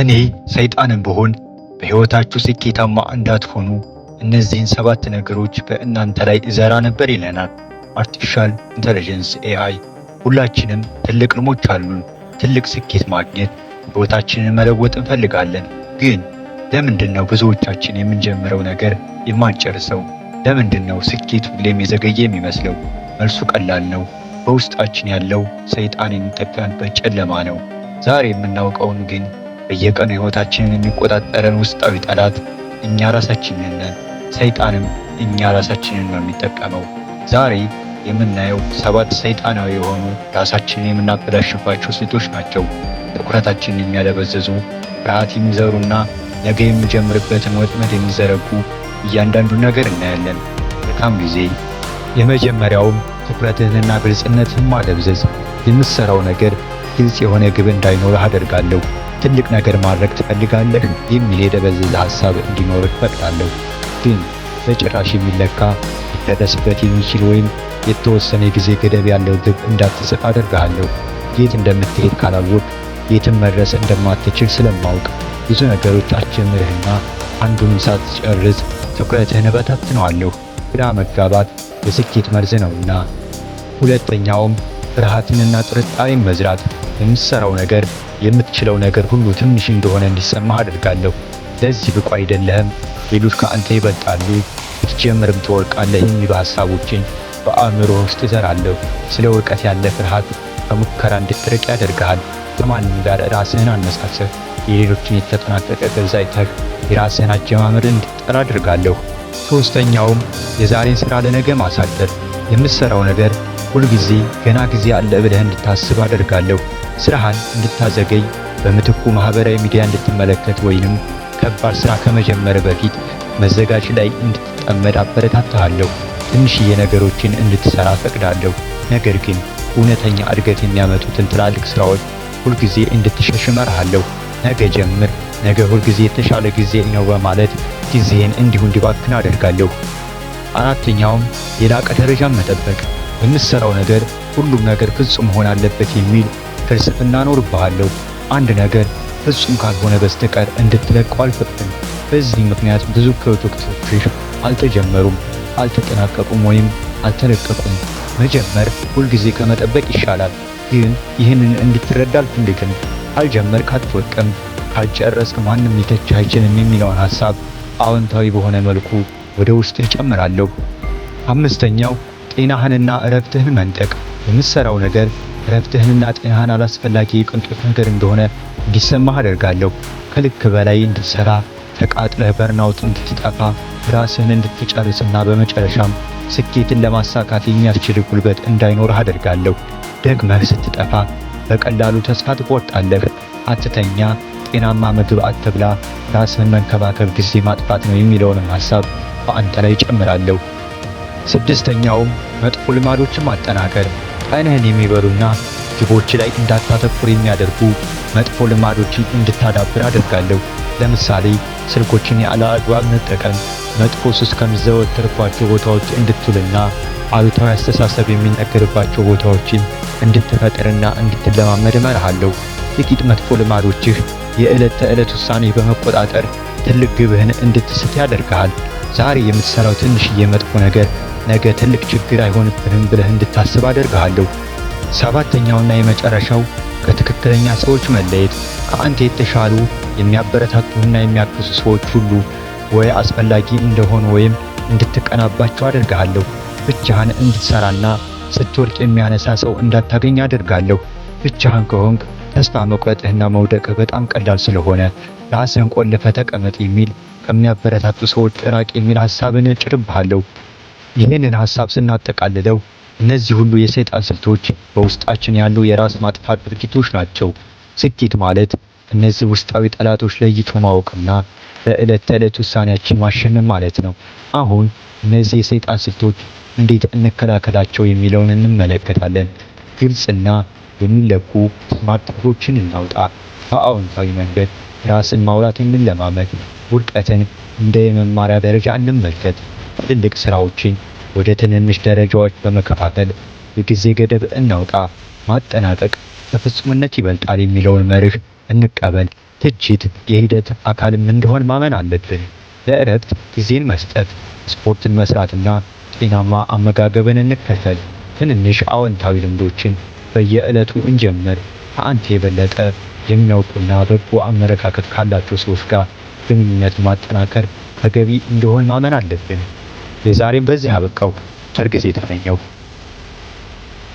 እኔ ሰይጣንም ብሆን በሕይወታችሁ ስኬታማ እንዳትሆኑ እነዚህን ሰባት ነገሮች በእናንተ ላይ እዘራ ነበር ይለናል አርቲፊሻል ኢንተለጀንስ ኤአይ። ሁላችንም ትልቅ ሕልሞች አሉን። ትልቅ ስኬት ማግኘት፣ ሕይወታችንን መለወጥ እንፈልጋለን። ግን ለምንድን ነው ብዙዎቻችን የምንጀምረው ነገር የማንጨርሰው? ለምንድን ነው ስኬት ሁሌም የዘገየ የሚመስለው? መልሱ ቀላል ነው። በውስጣችን ያለው ሰይጣን የሚጠቀምበት ጨለማ ነው። ዛሬ የምናውቀውን ግን በየቀኑ ሕይወታችንን የሚቆጣጠረን ውስጣዊ ጠላት እኛ ራሳችንን ነን። ሰይጣንም እኛ ራሳችንን ነው የሚጠቀመው። ዛሬ የምናየው ሰባት ሰይጣናዊ የሆኑ ራሳችንን የምናበላሽባቸው ስልቶች ናቸው። ትኩረታችንን የሚያደበዘዙ ፍርሃት የሚዘሩና ነገ የሚጀምርበትን ወጥመድ የሚዘረጉ እያንዳንዱ ነገር እናያለን። መልካም ጊዜ። የመጀመሪያውም ትኩረትህንና ግልጽነትህን ማደብዘዝ። የምትሰራው ነገር ግልጽ የሆነ ግብ እንዳይኖርህ አደርጋለሁ ትልቅ ነገር ማድረግ ትፈልጋለህ የሚል የደበዘዘ ሀሳብ እንዲኖር እፈቅዳለሁ። ግን በጭራሽ የሚለካ ሊደረስበት የሚችል ወይም የተወሰነ የጊዜ ገደብ ያለው ግብ እንዳትጽፍ አደርግሃለሁ። የት እንደምትሄድ ካላወቅ የትም መድረስ እንደማትችል ስለማውቅ ብዙ ነገሮች አጀምርህና አንዱንም ሳትጨርስ ትኩረትህን እበታትነዋለሁ። ግራ መጋባት የስኬት መርዝ ነውና። ሁለተኛውም ፍርሃትንና ጥርጣሬን መዝራት የምትሰራው ነገር የምትችለው ነገር ሁሉ ትንሽ እንደሆነ እንዲሰማህ አድርጋለሁ። ለዚህ ብቁ አይደለህም፣ ሌሎች ከአንተ ይበልጣሉ፣ ብትጀምርም ትወርቃለህ የሚሉ ሀሳቦችን በአእምሮ ውስጥ እዘራለሁ። ስለ ውድቀት ያለ ፍርሃት ከሙከራ እንድትርቅ ያደርግሃል። ከማንም ጋር ራስህን አነሳሰህ፣ የሌሎችን የተጠናቀቀ ገዛ አይተህ የራስህን አጀማመር እንድትጠር አድርጋለሁ። ሶስተኛውም የዛሬን ስራ ለነገ ማሳደር የምትሰራው ነገር ሁልጊዜ ገና ጊዜ አለ ብለህ እንድታስብ አደርጋለሁ። ስራህን እንድታዘገይ በምትኩ ማህበራዊ ሚዲያ እንድትመለከት ወይንም ከባድ ስራ ከመጀመር በፊት መዘጋጅ ላይ እንድትጠመድ አበረታታሃለሁ። ትንሽዬ ነገሮችን እንድትሰራ ፈቅዳለሁ። ነገር ግን እውነተኛ እድገት የሚያመጡትን ትላልቅ ስራዎች ሁልጊዜ እንድትሸሽ መርሃለሁ። ነገ ጀምር፣ ነገ ሁልጊዜ የተሻለ ጊዜ ነው በማለት ጊዜህን እንዲሁ እንዲባክን አደርጋለሁ። አራተኛውም የላቀ ደረጃን መጠበቅ። በምትሰራው ነገር ሁሉም ነገር ፍጹም መሆን አለበት የሚል ፍልስፍና ኖርብሃለሁ። አንድ ነገር ፍጹም ካልሆነ በስተቀር እንድትለቀው አልፈቅድም። በዚህ ምክንያት ብዙ ፕሮጀክቶች አልተጀመሩም፣ አልተጠናቀቁም ወይም አልተለቀቁም። መጀመር ሁልጊዜ ከመጠበቅ ይሻላል። ግን ይህንን እንድትረዳ አልፈልግም። ካልጀመርክ አትወድቅም፣ ካልጨረስክ ማንም ሊተችህ አይችልም የሚለውን ሀሳብ አዎንታዊ በሆነ መልኩ ወደ ውስጥ እጨምራለሁ። አምስተኛው ጤናህንና እረፍትህን መንጠቅ። የምትሰራው ነገር ረፍትህንና ጤናህን አላስፈላጊ የቅንጦት ነገር እንደሆነ እንዲሰማህ አደርጋለሁ። ከልክ በላይ እንድትሰራ ተቃጥለህ በርናውት እንድትጠፋ ራስህን እንድትጨርስና በመጨረሻም ስኬትን ለማሳካት የሚያስችል ጉልበት እንዳይኖርህ አደርጋለሁ። ደግመህ ስትጠፋ በቀላሉ ተስፋ ትቆርጣለህ። አትተኛ፣ ጤናማ ምግብ አትብላ፣ ራስህን መንከባከብ ጊዜ ማጥፋት ነው የሚለውንም ሐሳብ በአንተ ላይ ጨምራለሁ። ስድስተኛውም መጥፎ ልማዶችን ማጠናከር ቀንህን የሚበሉና ግቦች ላይ እንዳታተኩር የሚያደርጉ መጥፎ ልማዶችን እንድታዳብር አደርጋለሁ። ለምሳሌ ስልኮችን ያለ አግባብ መጠቀም፣ መጥፎ ሱስ ከሚዘወትርባቸው ቦታዎች እንድትውልና አሉታዊ አስተሳሰብ የሚነገርባቸው ቦታዎችን እንድትፈጠርና እንድትለማመድ እመርሃለሁ። ጥቂት መጥፎ ልማዶችህ የዕለት ተዕለት ውሳኔ በመቆጣጠር ትልቅ ግብህን እንድትስት ያደርግሃል። ዛሬ የምትሠራው ትንሽዬ መጥፎ ነገር ነገ ትልቅ ችግር አይሆንብህም ብለህ እንድታስብ አደርግሃለሁ። ሰባተኛውና የመጨረሻው ከትክክለኛ ሰዎች መለየት። ከአንተ የተሻሉ የሚያበረታቱህና የሚያግዙ ሰዎች ሁሉ ወይ አስፈላጊ እንደሆኑ ወይም እንድትቀናባቸው አደርግሃለሁ። ብቻህን እንድትሰራና ስትወድቅ የሚያነሳ ሰው እንዳታገኝ አደርጋለሁ። ብቻህን ከሆንክ ተስፋ መቁረጥህና መውደቅህ በጣም ቀላል ስለሆነ ራስህን ቆልፈህ ተቀመጥ የሚል ከሚያበረታቱ ሰዎች ራቅ የሚል ሐሳብን እጭርብሃለሁ። ይህንን ሀሳብ ስናጠቃልለው እነዚህ ሁሉ የሰይጣን ስልቶች በውስጣችን ያሉ የራስ ማጥፋት ድርጊቶች ናቸው። ስኬት ማለት እነዚህ ውስጣዊ ጠላቶች ለይቶ ማወቅና በዕለት ተዕለት ውሳኔያችን ማሸነፍ ማለት ነው። አሁን እነዚህ የሰይጣን ስልቶች እንዴት እንከላከላቸው የሚለውን እንመለከታለን። ግልጽና የሚለቁ ስማርት እናውጣ። በአዎንታዊ መንገድ ራስን ማውራት እንለማመድ። ውድቀትን እንደ የመማሪያ ደረጃ እንመልከት። ትልልቅ ስራዎችን ወደ ትንንሽ ደረጃዎች በመከፋፈል የጊዜ ገደብ እናውጣ። ማጠናቀቅ በፍጹምነት ይበልጣል የሚለውን መርህ እንቀበል። ትችት የሂደት አካልም እንደሆን ማመን አለብን። ለእረፍት ጊዜን መስጠት፣ ስፖርትን መስራትና ጤናማ አመጋገብን እንከተል። ትንንሽ አዎንታዊ ልምዶችን በየዕለቱ እንጀምር። ከአንተ የበለጠ የሚያውቁና በጎ አመለካከት ካላቸው ሰዎች ጋር ግንኙነት ማጠናከር ተገቢ እንደሆን ማመን አለብን። ለዛሬም በዚህ አበቃው። ጨርቅ የተመኘው